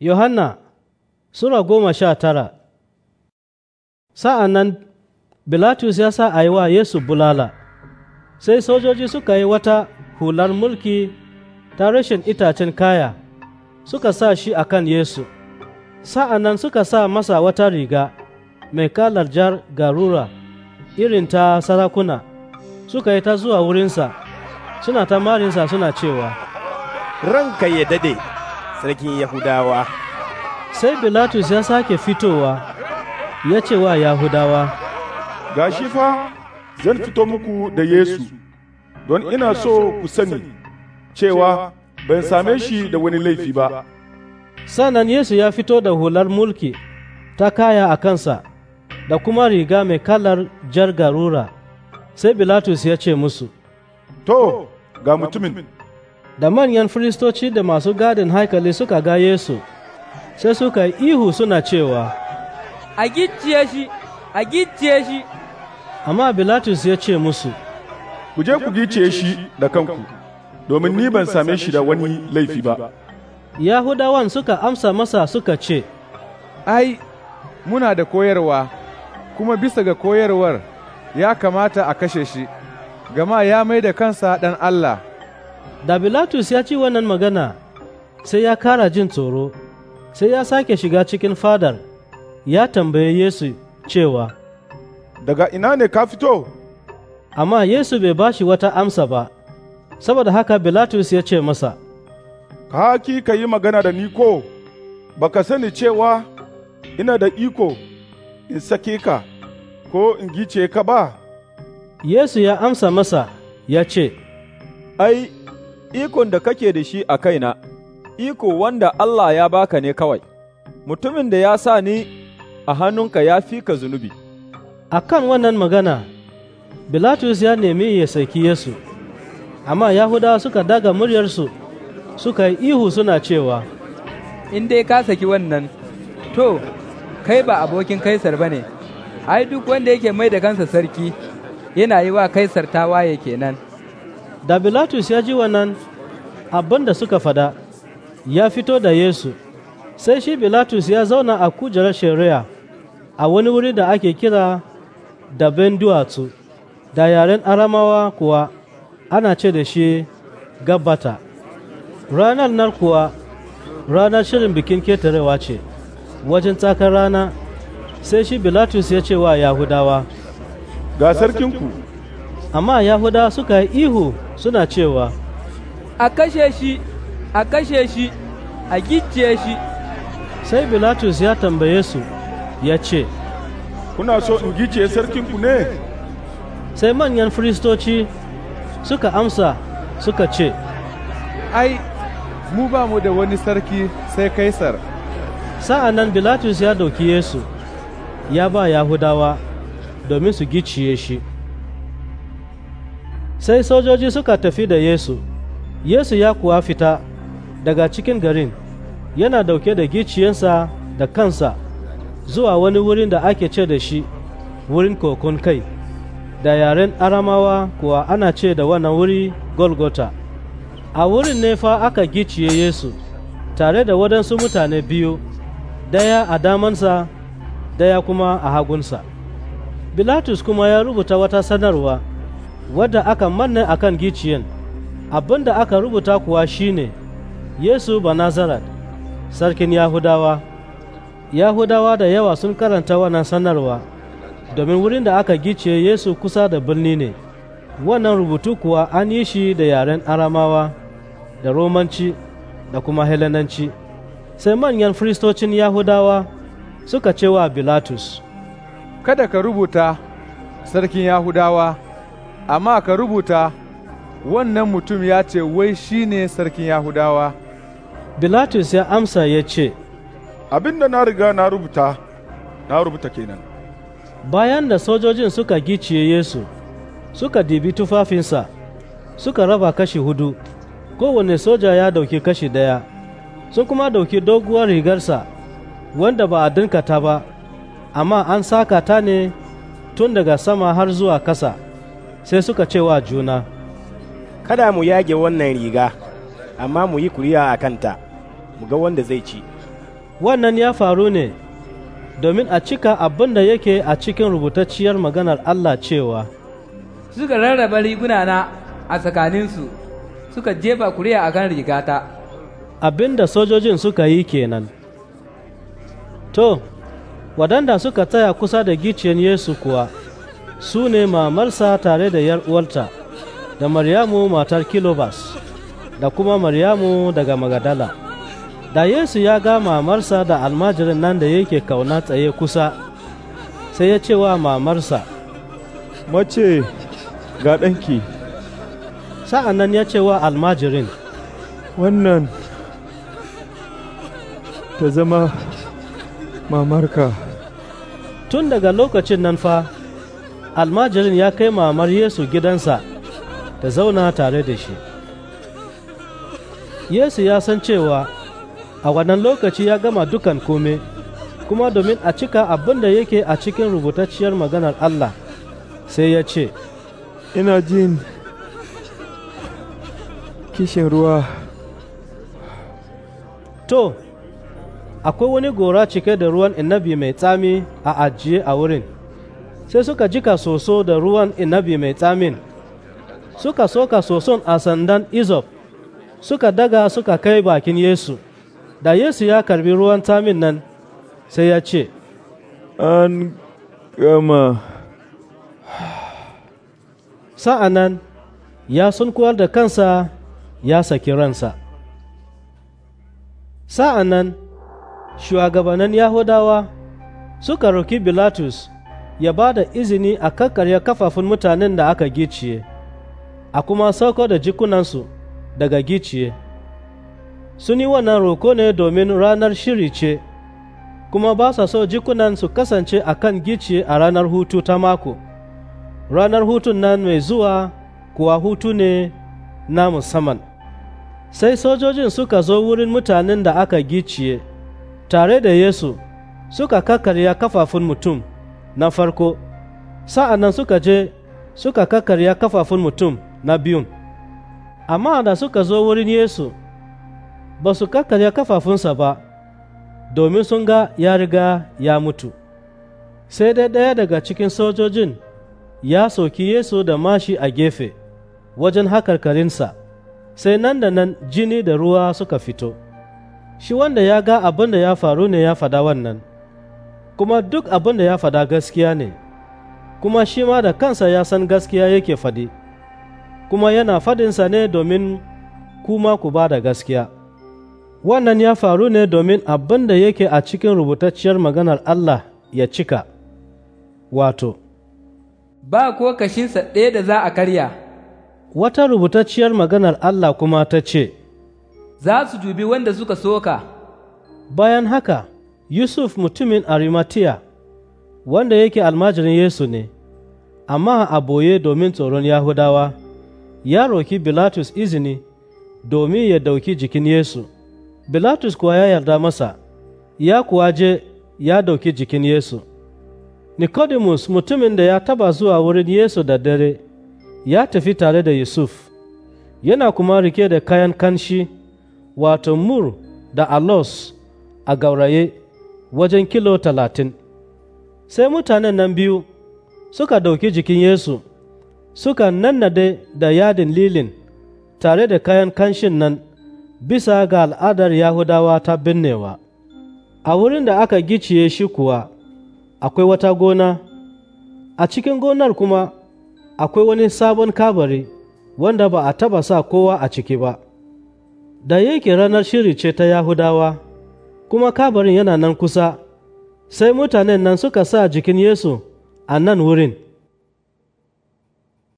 Yohanna Sura goma sha tara Sa'an nan Bilatus ya sa a yi wa Yesu bulala, sai sojoji suka yi wata hular mulki ta rashin itacen kaya suka sa shi a kan Yesu, sa'an nan suka sa masa wata riga mai kalar jar garura irin ta sarakuna suka yi ta zuwa wurinsa suna ta marinsa suna cewa, Ranka ya dade! sarkin Yahudawa. Sai Bilatus ya sake fitowa ya ce wa Yahudawa, Ga shi fa zan fito muku da Yesu, don ina so ku sani cewa ban same shi da wani laifi ba. Sannan Yesu ya fito da hular mulki ta kaya a kansa da kuma riga mai kalar jar garura, sai Bilatus ya ce musu, To, ga mutumin. da manyan firistoci da masu gadin haikali suka ga Yesu, sai suka yi ihu suna cewa, A gicciye shi, a gicciye shi! Amma Bilatus ya ce musu, Ku je ku gicciye shi da kanku, domin ni ban same shi da wani laifi ba. Yahudawan suka amsa masa suka ce, Ai, muna da koyarwa, kuma bisa ga koyarwar ya kamata a kashe shi, gama ya mai da kansa ɗan Allah. da Bilatus ya ci wannan magana sai ya kara jin tsoro sai ya sake shiga cikin fadar ya tambaye Yesu cewa daga ina ne ka fito amma Yesu bai bashi wata amsa ba saboda haka Bilatus ya ce masa ka ka yi magana da ni ko ba ka sani cewa ina da iko in sake ka ko in gice ka ba Yesu ya amsa masa ya ce ai ikon da kake da shi a kaina, iko wanda Allah ya baka ne kawai, mutumin da ya sa ni a hannunka ya fi ka zunubi. A kan wannan magana, Bilatus ya nemi ya saki Yesu, amma Yahudawa suka daga muryarsu suka yi ihu suna cewa, In dai ka saki wannan, to, kai ba abokin Kaisar ba ne, ai duk wanda yake mai da kansa sarki yana yi wa Kaisar tawaye kenan. da Bilatus ya ji wannan abin da suka fada ya fito da Yesu sai shi Bilatus ya zauna a kujerar shari'a a wani wuri da ake kira da ben duwatsu da yaren aramawa kuwa ana ce da shi gabata ranar nan kuwa ranar shirin bikin ketarewa ce wajen tsakar rana sai shi Bilatus ya ce wa Yahudawa ga sarkinku amma yahuda suka yi ihu suna cewa a kashe shi a kashe shi a gicciye shi sai bilatus ya tambaye su ya ce kuna so in gicciye sarkinku ne sai manyan firistoci suka amsa suka ce ai mu ba mu da wani sarki sai kaisar sa'an nan bilatus ya dauki yesu ya ba yahudawa domin su gicciye shi sai sojoji suka tafi da yesu yesu ya kuwa fita daga cikin garin yana dauke da giciyensa da kansa zuwa wani wurin da ake ce da shi wurin kokon kai da yaren aramawa kuwa ana ce da wannan wuri golgota a wurin ne fa aka giciye yesu tare da waɗansu mutane biyu daya a damansa daya kuma a hagunsa bilatus kuma ya rubuta wata sanarwa wadda aka manne a kan giciyan abin da aka rubuta kuwa shine yesu nazarat sarkin yahudawa yahudawa da yawa sun karanta wannan sanarwa domin wurin da aka gice yesu kusa da birni ne wannan rubutu kuwa an yi shi da yaren aramawa da romanci da kuma helenanci sai manyan firistocin yahudawa suka cewa bilatus kada ka rubuta sarkin yahudawa amma ka rubuta wannan mutum ya ce wai shi ne sarkin Yahudawa. Bilatus ya amsa ya ce, Abin da na riga na rubuta, na rubuta kenan. Bayan da sojojin suka giciye Yesu, suka dibi tufafinsa, suka raba kashi hudu, kowane soja ya dauki kashi ɗaya sun kuma dauki doguwar rigarsa, wanda ba a dinkata ba, amma an saka ta ne tun daga sama har zuwa kasa. sai suka ce wa juna kada mu yage wannan riga amma mu yi kuriya a kanta mu ga wanda zai ci wannan ya faru ne domin a cika abin da yake a cikin rubutacciyar maganar Allah cewa suka rarraba rigunana a tsakaninsu suka jefa kuriya a kan rigata abin da sojojin suka yi kenan to wadanda suka tsaya kusa da gicciyen yesu kuwa su ne mamarsa tare da yar uwarta da maryamu matar kilobas da kuma maryamu daga magadala da yesu ya ga mamarsa da almajirin nan da yake kauna tsaye kusa sai ya ce wa mamarsa mace ga ɗanki sa'an nan ya ce wa almajirin wannan ta zama mamarka tun daga lokacin nan fa almajirin ya kai mamar yesu gidansa ta zauna tare da shi yesu ya san cewa a wannan lokaci ya gama dukan kome kuma domin a cika abin da yake a cikin rubutacciyar maganar allah sai ya ce ina jin kishin ruwa to akwai wani gora cike da ruwan inabi mai tsami a ajiye a wurin sai suka jika soso da ruwan inabi mai tsamin suka soka soson a sandan izop suka daga suka kai bakin yesu da yesu ya karbi ruwan tsamin nan sai ya ce an gama sa'anan ya sunkuwar da kansa ya saki ransa sa'anan shugabannin yahudawa suka roki bilatus ya ba da izini a kakkarya kafafun mutanen da aka giciye a kuma sauko da jikunansu daga giciye sun yi wannan roko ne domin ranar shiri ce kuma ba sa so jikunansu kasance a kan giciye a ranar hutu ta mako ranar hutun nan mai zuwa kuwa hutu ne na musamman sai sojojin suka zo wurin mutanen da aka giciye tare da yesu suka kakarya kafafun mutum na farko sa'an nan suka je suka kakkarya kafafun mutum na biyun amma da suka zo wurin yesu ba su kakkarya kafafunsa ba domin sun ga ya riga ya mutu sai dai ɗaya daga cikin sojojin ya soki yesu da mashi a gefe wajen hakarkarinsa sai nan da nan jini da ruwa suka fito shi wanda ya ga abin da ya faru ne ya fada wannan kuma duk abin da ya fada gaskiya ne kuma shi ma da kansa ya san gaskiya yake fadi kuma yana fadinsa ne domin kuma ku ba da gaskiya wannan ya faru ne domin abin da yake a cikin rubutacciyar maganar Allah ya cika wato ba ko kashinsa ɗaya da za a karya wata rubutacciyar maganar Allah kuma ta ce za su dubi wanda suka soka bayan haka Yusuf mutumin Arimatiya, wanda yake almajirin Yesu ne, amma a boye domin tsoron Yahudawa, ya roki Bilatus izini domin ya dauki jikin Yesu. Bilatus kuwa ya yarda masa, ya kuwa je ya dauki jikin Yesu. Nicodemus mutumin da ya taba zuwa wurin Yesu da dare, ya tafi tare da Yusuf, yana kuma rike da kayan kanshi, wato mur da alos a gauraye. wajen kilo talatin sai mutanen nan biyu suka ɗauki jikin yesu suka nannade da yadin lilin tare da kayan kanshin nan bisa ga al'adar yahudawa ta binnewa a wurin da aka giciye shi kuwa akwai wata gona a cikin gonar kuma akwai wani sabon kabari wanda ba a taba sa kowa a ciki ba da yake ranar shiri ce ta yahudawa kuma kabarin yana nan kusa sai mutanen nan suka sa jikin Yesu a nan wurin